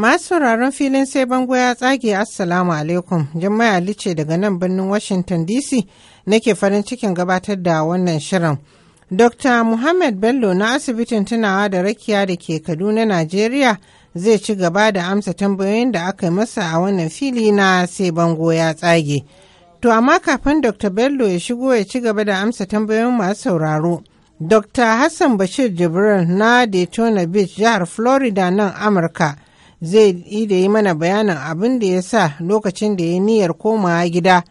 Masu sauraron filin sai bango ya tsage Assalamu alaikum. jama'a Ali daga nan birnin Washington DC nake farin cikin gabatar da wannan shirin. Dr. Muhammad Bello na asibitin tunawa da rakiya da ke Kaduna, Najeriya zai ci gaba da amsa tambayoyin da aka yi masa a wannan fili na sai bango ya tsage. To amma kafin Dr. Bello ya shigo ya ci gaba da amsa tambayoyin masu sauraro. Dr. Hassan Bashir Jibril na Daytona Beach, jihar Florida nan Amurka. zai da yi mana bayanin abin da ya sa lokacin da ya niyyar komawa gida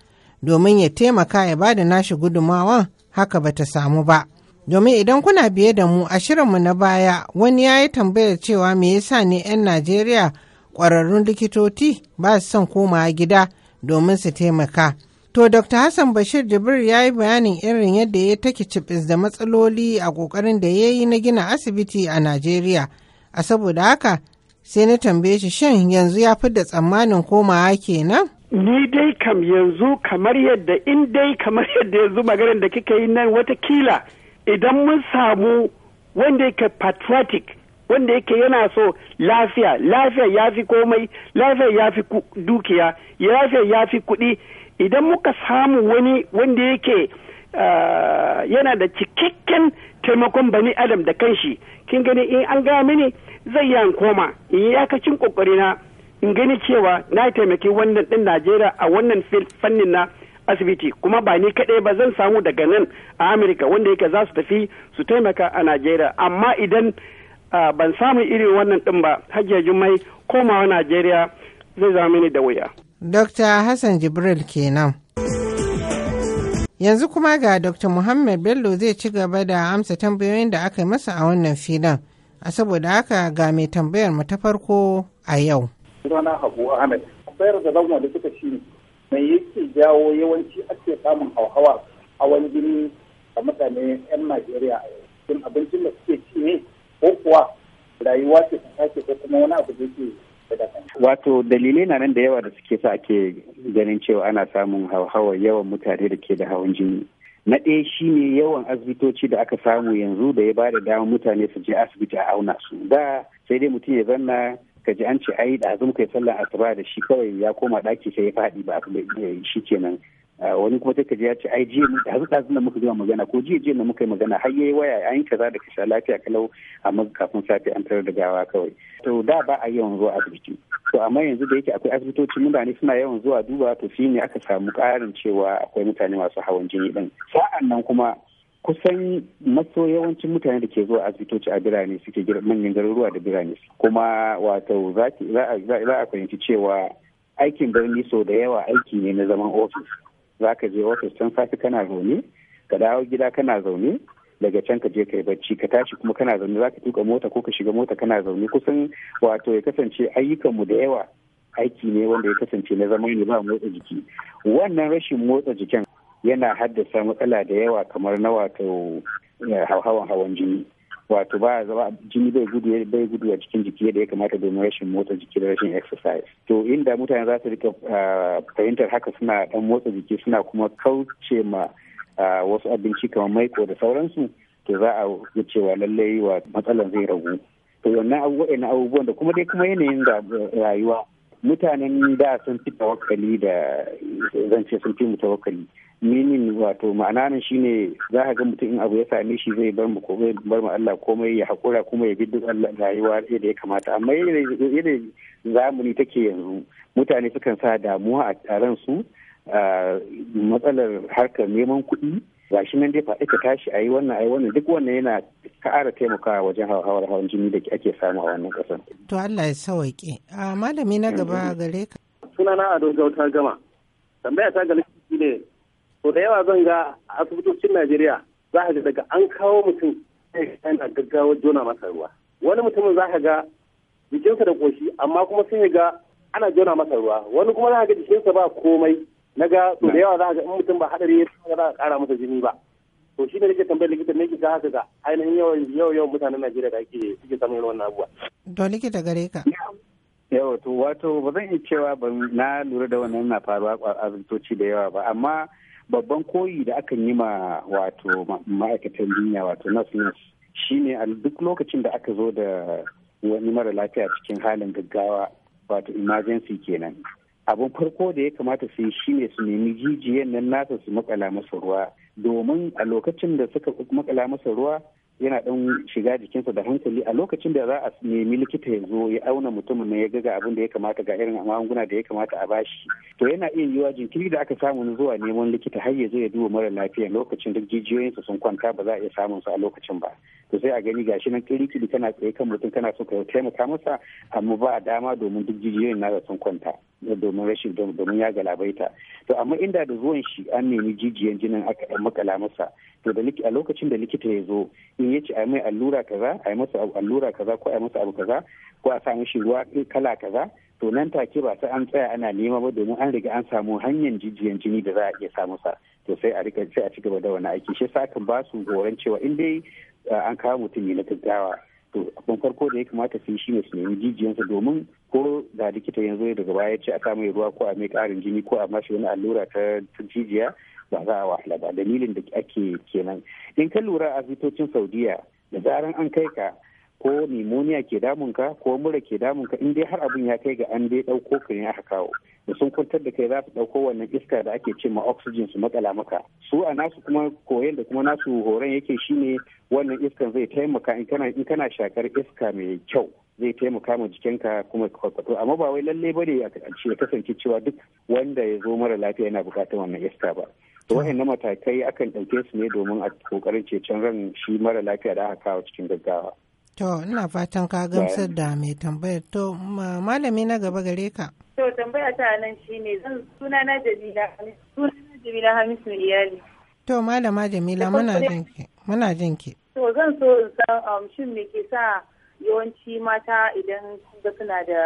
domin ya taimaka ya bada nashi gudunmawan haka ba ta samu ba. Domin idan kuna biye da mu a mu na baya wani ya yi tambayar cewa me yasa ne 'yan Najeriya ƙwararrun likitoti ba su son komawa gida domin su taimaka. To, Dr. Hassan Bashir Jibril ya yi bayanin irin yadda ya take cibis da matsaloli a ƙoƙarin da ya yi na gina asibiti a Najeriya. A saboda haka sai na tambaye shi shin yanzu ya fi da tsammanin komawa kenan? Ni dai kam yanzu kamar yadda in dai kamar yadda yanzu maganar da kika yi nan watakila idan mun samu wanda yake patriotic wanda yake yana so lafiya lafiya ya fi komai lafiya ya fi dukiya lafiya ya fi kuɗi idan muka samu wani wanda yake Eh, yana da cikakken taimakon bani adam da kanshi kin gani in an gaya mini zai yi koma in yi yakacin kokari na in gani cewa na taimaki wannan din najeriya a wannan fannin na asibiti kuma ba ni kaɗai ba zan samu daga nan a amurka wanda yake za su tafi su taimaka a najeriya amma idan eh, ban samu irin wannan din ba hajiya jummai komawa najeriya zai zama mini da wuya. Dr. Hassan Jibril kenan. Yanzu kuma ga Dr. Muhammad Bello zai ci gaba da amsa tambayoyin da aka yi masa a wannan filin. A saboda haka ga mai tambayar mu ta farko a yau. Sunana Habu Ahmed, akwai da zan wanda suka shi mai yake jawo yawanci ake samun hauhawa a wani jini a mutane 'yan Najeriya a yau. Shin abincin da suke ci ne ko kuwa rayuwa ce ta sake ko kuma wani abu da ke Wato dalilai na nan da yawa da suke sa ake ganin cewa ana samun hauhawar yawan mutane da ke da hawan jini. Na ɗaya shi yawan asibitoci da aka samu yanzu da ya bada damar mutane su je asibiti a auna su. Da sai dai mutum ya zanna ka ji an ce ai da azum kai sallar asuba da shi kawai ya koma ɗaki sai ya faɗi ba shi kenan Eh, wani kuma take ya ce ai jiya da hazu ɗazun da muka gama magana ko jiya jiya da muka yi magana har yayi waya an kaza da kasha lafiya kalau amma kafin safe an tarar da gawa kawai to da ba a yawan zuwa asibiti to amma yanzu da yake akwai asibitoci mutane suna yawan zuwa duba to shi ne aka samu karin cewa akwai mutane masu hawan jini din sa'an nan kuma kusan maso yawancin mutane da ke zuwa asibitoci a birane suke manyan garuruwa da birane kuma wato za a fahimci cewa aikin birni sau da yawa aiki ne na zaman ofis za ka je ofis can safi kana zaune ka dawo gida kana zaune daga can ka je kai bacci ka tashi kuma kana zaune za ka tuka mota ko ka shiga mota kana zaune kusan wato ya kasance ayyukan mu da yawa aiki ne wanda ya kasance na zama ne ba motsa jiki wannan rashin motsa jikin yana haddasa matsala da yawa kamar na wato eh, hawan hawan jini wato ba zaba jini bai gudu bai gudu a cikin jiki yadda ya kamata domin rashin motsa jiki da rashin exercise to inda mutane za su rika ah, fahimtar haka suna dan motsa jiki suna kuma kauce ma ah, wasu abinci kamar maiko da sauransu to za a ga cewa lallai wa matsalan zai ragu to wannan abubuwan da kuma dai kuma yanayin eh, rayuwa mutanen da sun fi tawakkali da zance sun fi mu tawakkali minin wato ma'ana nan shine za ka ga mutum in abu ya same shi zai bar mu zai bar mu Allah komai ya hakura kuma ya bi duk Allah rayuwa yadda ya kamata amma yadda zamani take yanzu mutane sukan sa damuwa a taron su matsalar harkar neman kuɗi shi nan dai faɗi ka tashi ayi yi wannan a wannan duk wannan yana ƙara taimakawa wajen hawar hawan jini da ake samu a wannan ƙasar. To Allah ya a Malami na gaba gare ka. Sunana Ado Gauta Gama. Tambaya ta ga ne to da yawa zan ga asibitocin najeriya za ka ga daga an kawo mutum yana gaggawa jona masa ruwa wani mutumin za ka ga jikinsa da koshi amma kuma sai ga ana jona masa ruwa wani kuma za ka ga jikinsa ba komai na ga to da yawa za ka ga in mutum ba hadari ya za ka kara masa jini ba to shi ne nake tambayar likita ne kika haka ga ainihin yawan yau yau mutanen Najeriya da ake suke samun irin wannan abuwa to likita gare ka yau to wato ba zan iya cewa ba na lura da wannan na faruwa a asibitoci da yawa ba amma babban koyi da akan yi ma wato ma'aikatan duniya wato nas nas shine a duk lokacin da aka zo da wani mara lafiya cikin halin gaggawa wato emergency kenan abin farko da ya kamata su yi shine su nemi jijiyan nan nasa su makala masa ruwa domin a lokacin da suka makala masa ruwa yana dan shiga jikinsa da hankali a lokacin da za a nemi likita ya zo ya auna mutumin na ya ga ga abin da ya kamata ga irin magunguna da ya kamata a bashi to yana iya yiwuwa jinkiri da aka samu na zuwa neman likita har ya zo ya duba mara lafiya lokacin duk jijiyoyinsa sun kwanta ba za a iya samun su a lokacin ba to sai a gani gashi nan kiri kiri kana tsaye kan mutum kana so ka taimaka masa amma ba a dama domin duk jijiyoyin nasa sun kwanta domin rashin domin ya galabaita to amma inda da zuwan shi an nemi jijiyan jinin aka yi makala masa to da a lokacin da likita ya zo in ya ce a mai allura kaza a yi masa allura kaza ko a yi masa abu kaza ko a sa mishi ruwa kala kaza to nan take ba sai an tsaya ana nema ba domin an riga an samu hanyar jijiyan jini da za a iya samu sa to sai a rika sai a ci gaba da wani aiki shi sa kan ba su horon cewa in dai an kawo mutum ne na gaggawa to abin farko da ya kamata su shi ne su nemi jijiyansa domin ko ga likita yanzu daga baya ce a kama ruwa ko a mai karin jini ko a mashi wani allura ta jijiya ba za a wahala ba dalilin da ake kenan in ka lura a fitocin saudiya da zaran an kai ka ko nimoniya ke damun ka ko mura ke damun ka in dai har abin ya kai ga an dai dauko ka ne aka kawo da sun kwantar da kai za su dauko wannan iska da ake ce ma oxygen su matsala maka su a nasu kuma koyon da kuma nasu horon yake shine wannan iskan zai taimaka in kana shakar iska mai kyau zai taimaka ma jikinka kuma kwakwato amma ba wai lalle bane a ya kasance cewa duk wanda ya zo mara lafiya yana bukatar wannan iska ba to na matakai akan ɗauke su ne domin a kokarin can ran shi mara lafiya da aka kawo cikin gaggawa To, ina fatan ka gamsar da mai tambayar. To, malami na gaba gare ka. To, tambaya ta nan shi ne, zan suna na Jamila Hamisu iyali. To, malama Jamila muna jinki. Muna jinki. To, zan so in san um, shin me ke sa yawanci mata idan ga suna da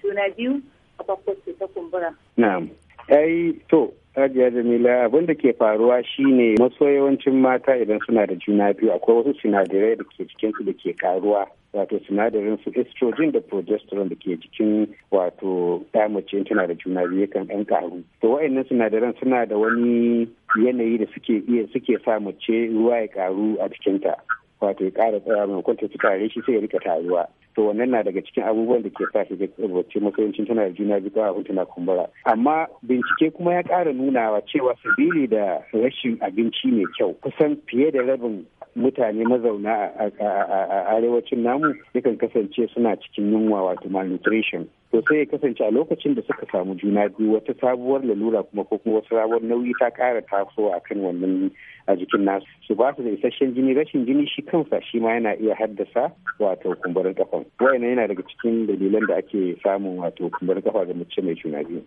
suna um, biyu a su ta kumbura. Na'am. Ai, to, Hajiya Jamila abin da ke faruwa shine maso yawancin mata idan suna da juna biyu akwai wasu sinadarai da ke jikinsu da ke karuwa wato sinadarin su estrogen da progesterone da ke jikin wato damacin mace tana da juna biyu yakan ɗan karu to wa'annan sinadaran suna da wani yanayi da suke iya suke sa mace ruwa ya karu a cikinta wato ya ƙara tsaya maimakon ta tare shi sai ya rika taruwa to wannan na daga cikin abubuwan da ke sa shi ga tsirwace matsayin tana da juna biyu a tana kumbura amma bincike kuma ya ƙara nunawa cewa sabili da rashin abinci mai kyau kusan fiye da rabin mutane mazauna a arewacin namu yakan kasance suna cikin yunwa wato malnutrition to sai ya kasance a lokacin da suka samu juna biyu wata sabuwar lalura kuma ko kuma wasu sabuwar nauyi ta kara taso a kan wannan a jikin nasu su ba su da isasshen jini rashin jini shi kansa shi ma yana iya haddasa wato kumburin kafan wayannan yana daga cikin dalilan da ake samun wato kumburin kafa ga mace mai juna biyu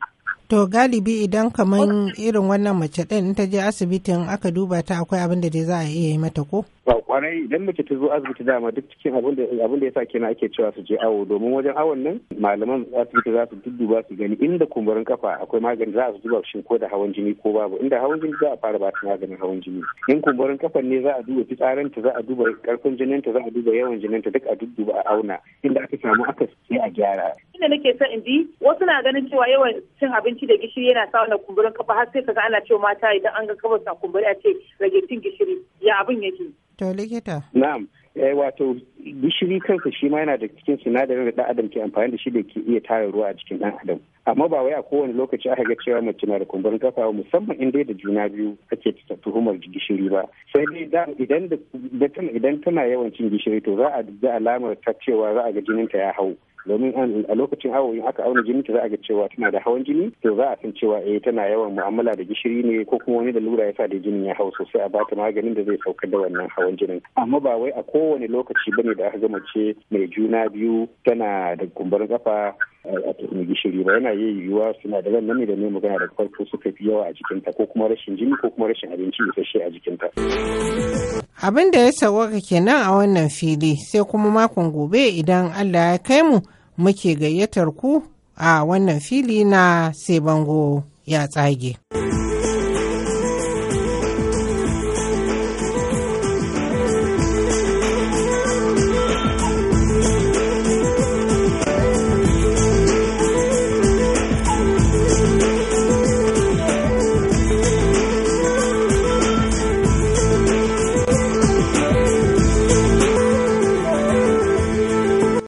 to galibi idan kaman irin wannan mace ɗin ta je asibitin aka duba ta akwai abin da za a iya yi mata ko ba kwarai idan mace ta zo asibiti dama duk cikin abin da ya sa kenan ake cewa su je awo domin wajen awon nan malaman ta za su dudduba su gani inda kumburin kafa akwai magani za su duba shin ko da hawan jini ko babu inda hawan jini za a fara ba ta maganin hawan jini in kumburin kafan ne za a duba fitsarinta za a duba karfin jininta za a duba yawan jininta duk a dudduba a auna inda aka samu aka sai a gyara inda nake sa in bi wasu na ganin cewa yawan cin abinci da gishiri yana sa wannan kumburin kafa har sai kaga ana cewa mata idan an ga kafa a kumburi a ce rage cin gishiri ya abin yake to likita na'am Eh, wato gishiri kansa shi ma yana da cikin sinadarin da ɗan adam ke amfani da shi da ke iya tara ruwa a cikin ɗan adam amma ba wai a kowane lokaci aka ga cewa mace na da kumburin kafa musamman in dai da juna biyu ake tuhumar gishiri ba sai dai idan idan tana yawan cin gishiri to za a ga alamar ta cewa za a ga jinin ta ya hau domin a lokacin awo in aka auna jini za a ga cewa tana da hawan jini to za a san cewa eh tana yawan mu'amala da gishiri ne ko kuma wani lura ya sa da jinin ya hau sosai a bata maganin da zai sauka da wannan hawan jinin amma ba wai a kowane lokaci bane da aka gama ce mai juna biyu tana da kumburin kafa eh, a gishiri ba yana yi yiwuwa suna da wannan nami da ne magana da farko suka fi yawa a jikinta ko kuma rashin jini ko kuma rashin abinci isasshe a jikinta. Abin da ya sauwaka kenan a wannan fili sai kuma makon gobe idan Allah ya kai mu muke gayyatar ku a wannan fili na sai bango ya tsage.